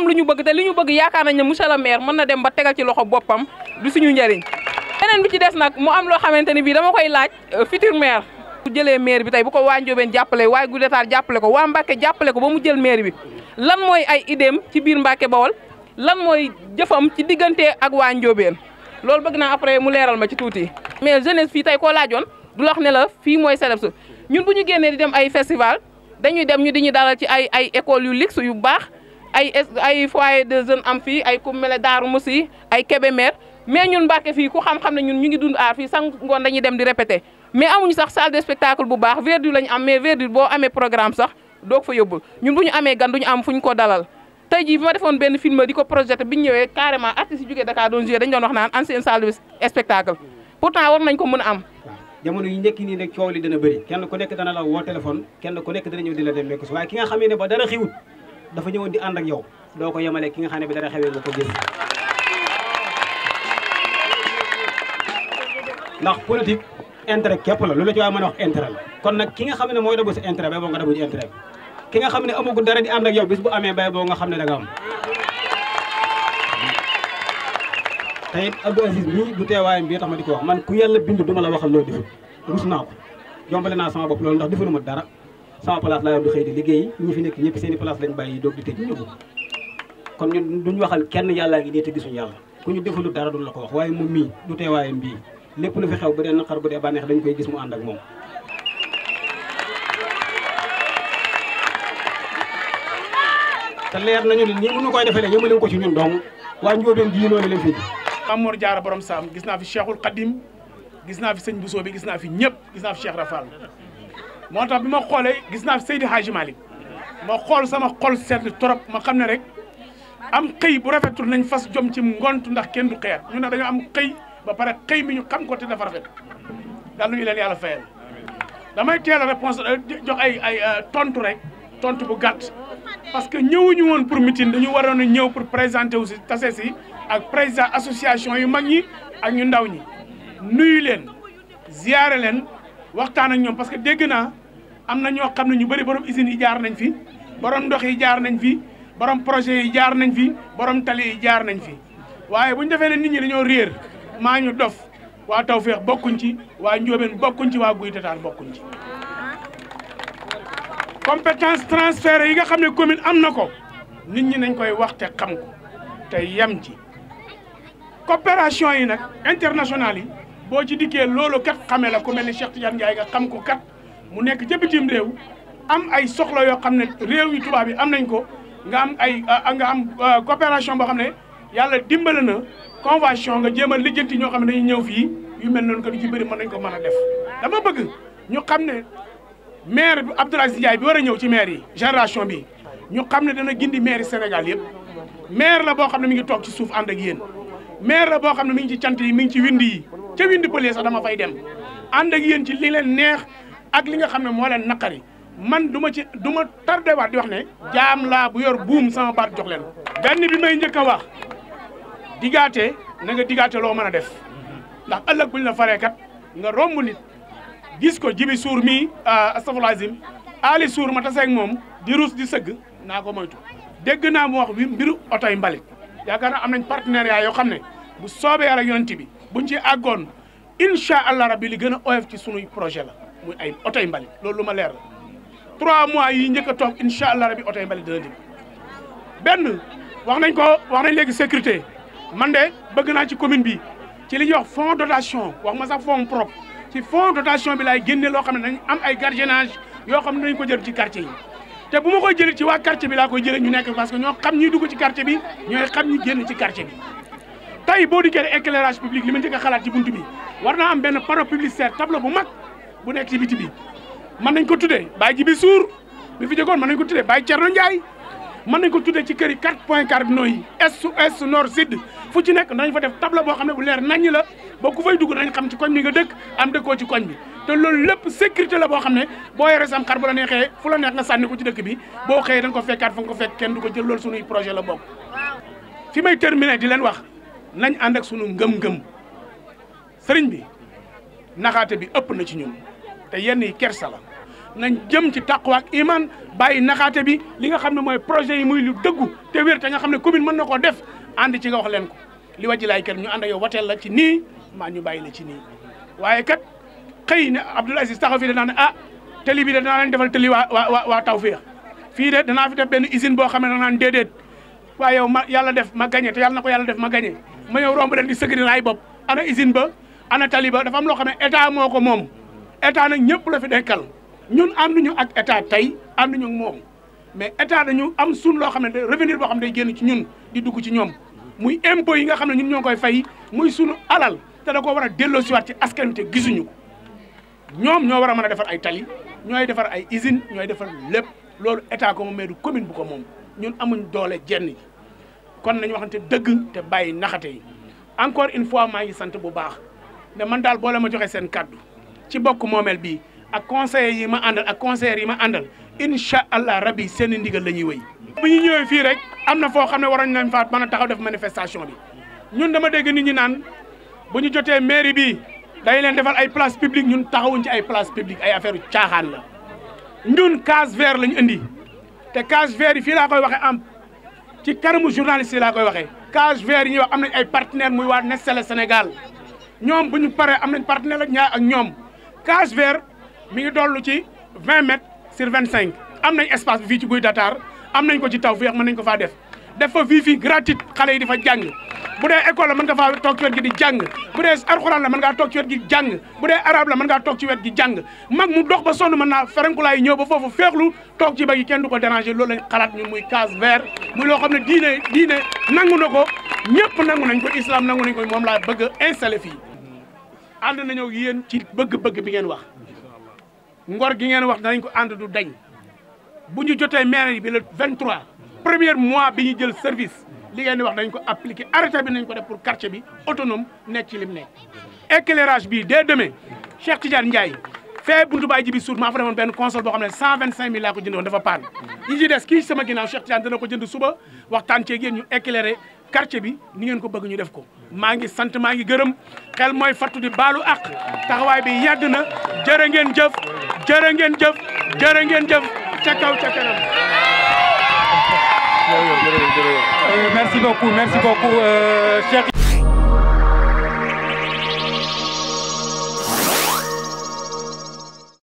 am lu ñu bëgg te li ñu bëgg yaakaar nañ ne monsieur le maire mën na ba tegal ci loxo boppam du suñu njëriñ beneen bi ci des nag mu am loo xamante ni bii dama koy laaj euh, futur maire bu jëlee maire bi tey bu ko waa Ndiobène jàppale waaye Goudétar ko waa Mbacké jàppale ko ba mu jël maire bi lan mooy ay idéem ci biir Mbacké Bawol lan mooy jëfam ci diggante ak waa Ndiobène loolu bëgg naa après mu leeral ma ci tuuti mais jeunesse fii tey ko laajoon du la ne la fii mooy Selebs ñun bu ñu génnee di dem ay festival dañuy dem ñu di ñu dalal ci ay ay écoles yu luxe yu baax ay ay foyer de jeunes am fii ay ku mel ne Darou Moussi ay Kébémer mais ñun Mbàkke fii ku xam-xam ne ñun ñu ngi dund aar fii sax ngoon dañuy dem di répété mais amuñu sax salle de spectacle bu baax verdure lañu am mais verdure boo amee programme sax doog fa yóbbul ñun bu ñu amee gan duñu am fu ñu ko dalal te jii bi ma defoon benn film di ko projeté bi ñu ñëwee carrément artistes yi jógee Dakar doon joué dañu doon wax naan ancienne salle de spectacle pourtant war nañ ko mën a am jamono yu njëkk ku nekk dana la woo ku nekk dana ñëw di la dem nekk waaye ki nga dafa ñëwoon di ànd ak yow doo ko yemale ki nga xam ne bi dara xewee nga ko gis ndax politique intérêt képp la lu ci waaye mën a wax intérêt la kon nag ki nga xam ne mooy dabu si intérêt bay boo nga dabu ci intérêt ki nga xam ne amagul dara di ànd ak yow bis bu amee bay boo nga xam ne da nga am te it Abdou du teewaayam bii tax ma di ko wax man ku yàlla bind duma la waxal loo defut rus naa ko jombale naa sama bopp loolu ndax defaluma dara sama place laa yor di xëy di liggéey ñu fi nekk ñëpp seeni i place lañ bàyyi doog di tëj ñëw kon ñun duñ waxal kenn yàllaa ngi dee te gisuñu yàlla ku ñu defalu dara duñ la ko wax waaye moom mii du teewaayam bii lépp lu fi xew bu dee naqar bu dee bànneex dañ koy gis mu ànd ak moom te leer nañu ni ñi mënu koy defee ñu yëmale ko ci ñun dong waa njóobeen gii noonu leen fi jaar Jaara borom saam gis naa fi Cheikhul Khadim gis naa fi sëñ Bousso bi gis naa fi ñëpp gis naa fi Cheikh Rafal moo tax bi ma xoolee gis naa Seydi Hadji Malick ma xool sama xol sedd trop ma xam ne rek am xëy bu rafetul nañ fas jom ci ngont ndax kenn du xëyat ñu ne dañoo am xëy ba pare xëy mi ñu xam ko te dafa rafet daal ñu leen yàlla fayal damay teel a réponse euh, jox ay ay euh, tontu rek tontu bu gàtt parce que ñëwuñu woon pour meeting dañu waroon a ñëw pour présenter aussi tase si ak président association yu mag ñi ak ñu ndaw ñi nuyu leen ziyaare leen waxtaan ak ñoom parce que dégg naa am na ñoo xam ne ñu bëri borom usines yi jaar nañ fi borom ndox yi jaar nañ fi borom projet yi jaar nañ fi borom tali jaar nañ fi waaye bu ñu defee ne nit ñi dañoo réer maa ñu dof waa Tawfeex bokkuñ ci waa Njóobeen bokkuñ ci waa Guy Tataan bokkuñ ci. compétence transfert yi nga xam ne commune am na ko nit ñi nañ koy wax te xam ko te yem ci coopération yi nag internationale yi boo ci dikkee loolu kat xame la ku mel ni Cheikh Tidiane Ndiaye nga xam ko kat. mu nekk ca bitim réew am ay soxla yoo xam ne réew yi tubaab yi am nañ ko nga am ay ah, nga am ah, coopération boo xam ne yàlla dimbale na convention nga jéem a lijjanti ñoo xam ne dañuy ñëw fii yu mel noonu que du ci bëri ma nañ ko mën a def. dama bëgg ñu xam ne maire bi Abdoul Aziz Ndiaye bi war a ñëw ci maire yi génération bi ñu xam ne dana gindi maire Sénégal yëpp maire la boo xam ne mu ngi toog ci suuf ànd ak yéen maire la boo xam ne mi ngi ci cant yi mi ngi ci wind yi ca wind pëlee sax dama fay dem ànd ak yéen ci li leen neex. ak li nga xam ne moo leen naqari man duma ci du ma tardé waat di wax ne jaam laa bu yor buum sama bar jox leen benn bi may njëkk a wax digaate na nga digaate loo man a def ndax ëllëg buñ la faree kat nga romb nit gis ko jibi suur mii ah, astafurlah azim aali suur ma taseeg moom di ruus di sëgg naa ko moytu dégg naa mu wax bi mbiru otoy mbalit yaakaar naa am nañ partenariat yoo xam ne bu soobee yàlla yonent bi buñ ci àggoon incha allah rabbi li gën a oyof ci sunuy projet la muy ay otoy mbalit loolu lu ma leer la trois mois yi njëkk a toog incha allah rabi otoy mbalit dana dim benn wax nañ ko wax nañ léegi sécurité man de bëgg naa ci commune bi ci li ñuy wax fonds dotation wax ma sax fonds propre ci fonds dotation bi laay génne loo xam ne dañ am ay gardiennage yoo xam ne ko jël ci quartier yi te bu ma koy jëlee ci waa quartier bi laa koy jëlee ñu nekk parce que ñoo xam ñuy dugg ci quartier bi ñooy xam ñi génn ci quartier bi tey boo diggee éclairage public li ma njëkk xalaat ci buntu bi war naa am benn panneau publicitaire tableau bu mag bu nekk ci biti bi mën nañ ko tuddee Baye Jibi Suur bi fi jógoon mën nañ ko tuddee Baye Thierno Ndiaye mën nañ ko tuddee ci kër yi quatre points cardinaux yi est ouest nord sud fu ci nekk nañ fa def tableau boo xam ne bu leer naññ la ba ku fay dugg nañ xam ci koñ bi nga dëkk am dëkkoo ci koñ bi te loolu lépp sécurité la boo xam ne boo yoree sam xar bu la neexee fu la neex nga sànni ko ci dëkk bi boo xëyee da ko fekkaat fa nga ko fekk kenn du ko jël loolu suñuy projet la bokk fi may terminer di leen wax nañ ànd ak sunu ngëm bi naxaate bi ëpp na ci ñun te yenn yi kersa la na jëm ci taqwa ak iman bàyyi naxaate bi li nga xam ne mooy projet yi muy lu dëggu te wér te nga xam ne commune mën na koo def ànd ci nga wax leen ko li wàjji laay kër ñu ànd ak yow wateel la ci nii maa ñu bàyyi la ci nii waaye kat xëy na Abdoul Aziz taxaw fii danaa ne ah tëli bi de danaa leen defal tëli waa waa waa tawfeex fii de danaa fi def benn usine boo xam ne danaan déedéet waaye yow ma yàlla def ma gagné te yàlla na ko yàlla def ma gagné ma ñëw romb leen di sëgg di laay bopp ana usine ba ana loo xam ne état moo ko moom état nag ñëpp la fi dekkal ñun ànduñu ak état tey ànduñu ak moom mais état dañu am sun loo xam ne day revenir boo xam ne day génn ci ñun di dugg ci ñoom muy impôt yi nga xam ne ñun ñoo koy fay muy sunu alal te da ko war a delloosiwaat ci askan wi te gisuñu ko ñoom ñoo war a mën a defar ay tali ñooy defar ay usine ñooy defar lépp loolu état ko moom mais du commune bu ko moom ñun amuñ doole jenn ji kon nañu waxante dëgg te bàyyi naxate yi encore une fois maa ngi sant bu baax ne man daal boole ma joxe seen kàddu ci bokk moomeel bi a conseillers yi ma àndal ak conseillers yi ma àndal incha allah rabi seen ndigal la ñuy wéy. bu ñu ñëwee fii rek am na foo xam ne waroon nañ faat mën a taxaw def manifestation bi ñun dama dégg ni ñi naan bu ñu jotee mairie bi dañu leen defal ay place publique ñun taxawuñ ci ay place publique ay affaire caaxaan la ñun case vert lañu indi te case vert yi fii laa koy waxee am ci kanamu journaliste yi laa koy waxee. case vert yi ñuy wax am nañ ay partenaires muy waa Nestlé Sénégal ñoom bu ñu paree am nañ partenaire ak ñaar ak ñoom. case vert mi ngi dollu ci 20 mètres sur 25 am nañ espace bi fii ci Guy Dakar am nañ ko ci taw féex mën nañ ko faa def def fa wifi gratuite xale yi di fa jàng bu dee école la mën nga faa toog ci wet gi di jàng bu dee alxuraan la mën ngaa toog ci wet gi jàng bu dee mën ngaa toog ci wet gi jàng mag mu dox ba sonn mën naa ferenkulaay yi ñëw ba foofu féexlu toog ci ba gi kenn du ko déranger loolu lañ xalaat ñu muy case vert muy loo xam ne diine diine nangu na ko ñëpp nangu nañ ko islam nangu nañ ko moom laa bëgg a installé fii ànd nañoo yéen ci bëgg-bëgg bi ngeen wax ngor gi ngeen wax danañ ko ànd du dañ bu ñu jotee mairie bi le 23 premier mois bi ñu jël service li ngeen wax dañ ko appliqué arrêté bi nañ ko def pour quartier bi autonome nekk ci lim nekk éclairage bii dès demain Cheikh Tidiane Ndiaye fee buntu baay ji bi suut maa fa defoon benn console boo xam ne mil laa ko jëndoon dafa paan yi des kii sama ginnaaw Cheikh Tidiane dana ko jënd suba waxtaan ceeg yéen ñu éclairer quartier bi ni ngeen ko bëgg ñu def ko maa ngi sant maa ngi gërëm xel mooy fattu di baalu ak taxawaay bi yàgg na jërë ngeen jëf jërë ngeen jëf jërë ngeen jëf ca kaw ca kanam merci beaucoup merci beaucoup euh, Cheikh